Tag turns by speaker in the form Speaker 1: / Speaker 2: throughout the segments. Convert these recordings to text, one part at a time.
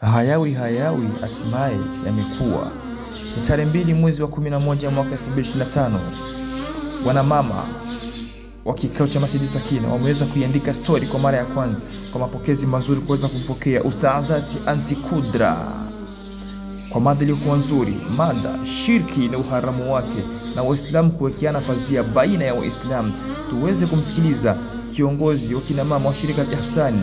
Speaker 1: hayawi hayawi hatimaye yamekuwa. Ni tarehe mbili mwezi wa 11 mwaka 2025, wanamama wa kikao cha Masjid Sakina wameweza kuiandika stori kwa mara ya kwanza kwa mapokezi mazuri, kuweza kumpokea Ustazati Anti Kudra kwa mada iliyokuwa nzuri, mada shirki na uharamu wake na Waislamu kuwekeana pazia baina ya Waislamu. Tuweze kumsikiliza kiongozi wa kinamama wa shirika la Ihsani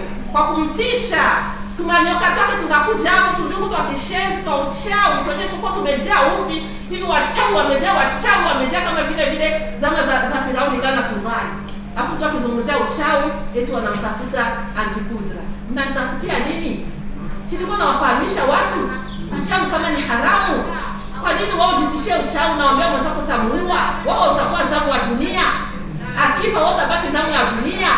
Speaker 2: kwa kumtisha, tumanyoka twake tunakuja hapo, tundugu twa kishenzi, twa uchawi, tuone tuko tumejaa upi hivi, wachawi wamejaa, wachawi wamejaa kama vile vile zama za, za Firauni Gana tumbali Hapo tu akizungumzia uchawi, yetu wanamtafuta antikudra Mnanitafutia nini? Si nilikuwa nawafahamisha watu uchawi kama ni haramu. Kwa nini wao jitishie uchawi na wambia mwenzako utamuliwa? Wao utakuwa zamu wa dunia. Akifa wao utabaki zamu ya dunia.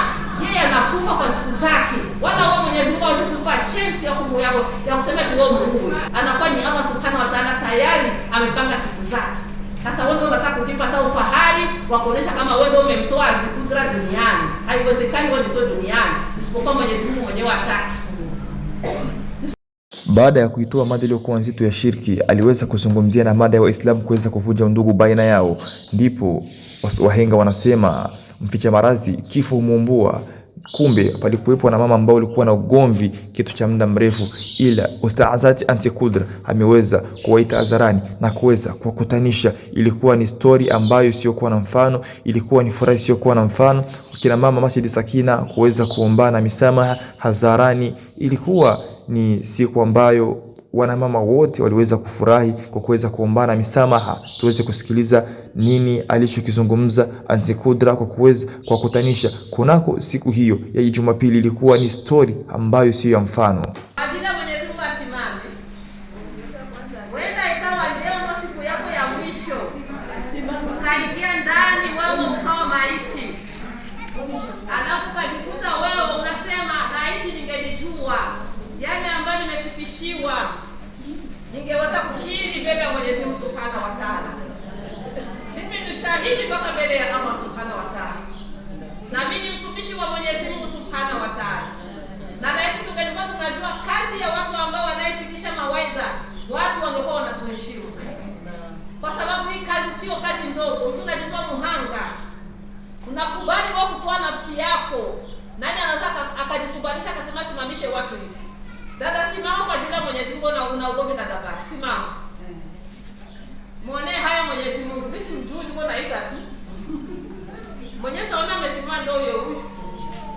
Speaker 2: Yeye anakufa kwa siku zake wala wao Mwenyezi Mungu kukupa chance ya kumu yako ya kusema ati wewe Mungu anakuwa ni Allah Subhanahu wa Ta'ala tayari amepanga siku zake. Sasa wewe ndio unataka kujipa sasa ufahari wa kuonesha kama wewe ndio umemtoa Zikra duniani. Haiwezekani wewe ndio duniani isipokuwa Mwenyezi Mungu mwenyewe ataki.
Speaker 1: Baada ya kuitoa mada iliyokuwa nzito ya shirki, aliweza kuzungumzia na mada ya Waislamu kuweza kuvunja undugu baina yao. Ndipo wahenga wanasema mficha marazi kifo humuumbua kumbe palikuwepo na mama ambao ulikuwa na ugomvi kitu cha muda mrefu, ila ustaazati anti Kudra ameweza kuwaita hadharani na kuweza kuwakutanisha. Ilikuwa ni stori ambayo isiyokuwa na mfano, ilikuwa ni furaha isiyokuwa na mfano. Kina mama Masjid Sakina kuweza kuombana misamaha hadharani, ilikuwa ni siku ambayo wanamama wote waliweza kufurahi kwa kuweza kuombana misamaha. Tuweze kusikiliza nini alichokizungumza Anti Kudra kwa kuweza kwa kutanisha kunako siku hiyo ya Jumapili. Ilikuwa ni stori ambayo sio ya mfano
Speaker 2: yale yaani ambayo nimepitishiwa ningeweza kukiri mbele ya Mwenyezi Mungu Subhanahu wa Ta'ala, mimi ni shahidi mpaka mbele ya Allah subhana wa Ta'ala, na mimi ni mtumishi wa Mwenyezi Mungu subhana wa Ta'ala. Na laiti tungelikuwa tunajua kazi ya watu ambao wanaifikisha mawaidha, watu wangekuwa wanatuheshimu, kwa sababu hii kazi sio kazi ndogo. Mtu unajitoa muhanga, unakubali wa kutoa nafsi yako. Nani anaweza akajikubalisha akasema simamishe watu hivi? Dada, simama kwa jina Mwenyezi Mungu na una ugomvi na dada. Simama. Muone haya Mwenyezi Mungu. Mimi si simjui niko naiga tu. Mwenyewe taona amesimama ndio huyo huyo.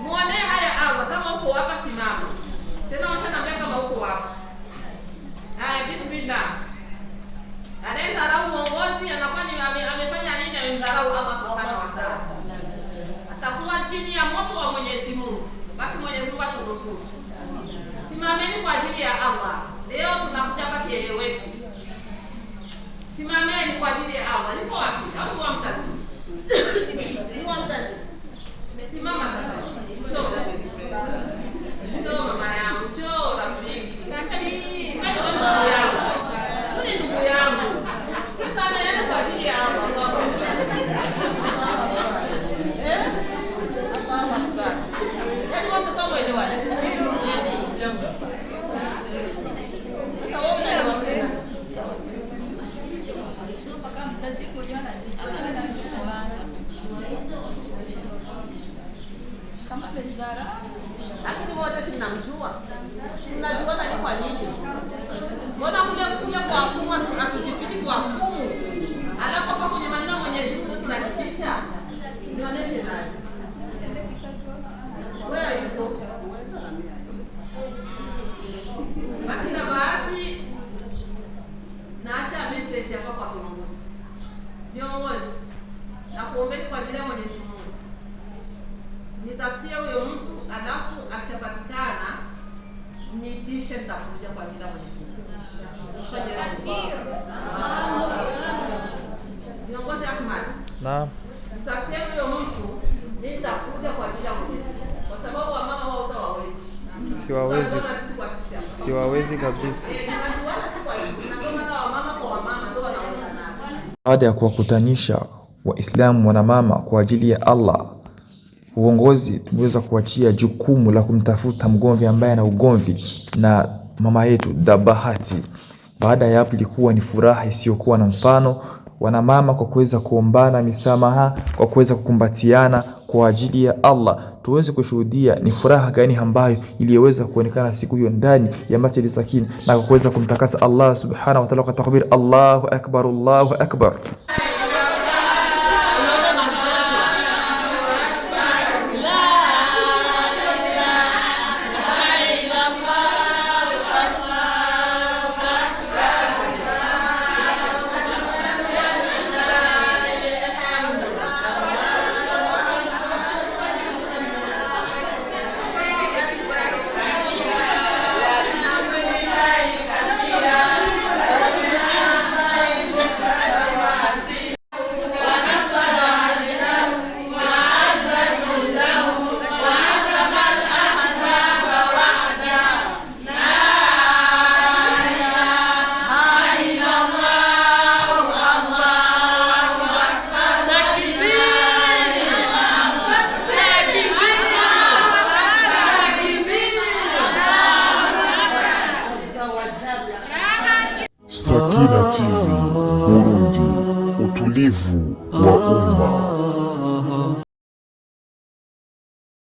Speaker 2: Muone haya anga kama uko hapa simama. Tena wacha na kama uko hapa. Haya bismillah. Anayedharau uongozi anakuwa ni amefanya nini? Amemdharau Allah Subhanahu wa Ta'ala. Atakuwa chini ya moto wa Mwenyezi Mungu. Basi Mwenyezi Mungu atunusuru simameni kwa ajili ya Allah. Leo tunakuja hapa kieleweki, simameni kwa ajili ya Allah. Lipo wapi? Au wamtaji kama Bezara, lakini wote si mnamjua, mnajuana ni kwa nini? Mbona kule kule kwa wafungwa tunakujua kuthibitishe nitakuja kwa Mwenyezi Mungu. Viongozi Ahmad, naam, mtafutie huyo mtu, mimi nitakuja kwa Mwenyezi Mungu, kwa sababu wao utawawezi
Speaker 3: siwawezi siwawezi kabisa.
Speaker 1: Baada ya kuwakutanisha Waislamu wanamama kwa ajili ya Allah uongozi tumeweza kuachia jukumu la kumtafuta mgomvi ambaye ana ugomvi na mama yetu Dabahati. Baada ya hapo ilikuwa ni furaha isiyokuwa na mfano, wanamama kwa kuweza kuombana misamaha, kwa kuweza kukumbatiana kwa ajili ya Allah. Tuweze kushuhudia ni furaha gani ambayo iliyoweza kuonekana siku hiyo ndani ya Masjid Sakina na kwa kuweza kumtakasa Allah subhanahu wa ta'ala kwa takbir, Allahu akbar, Allahu akbar.
Speaker 4: kina TV Burundi, utulivu wa umma.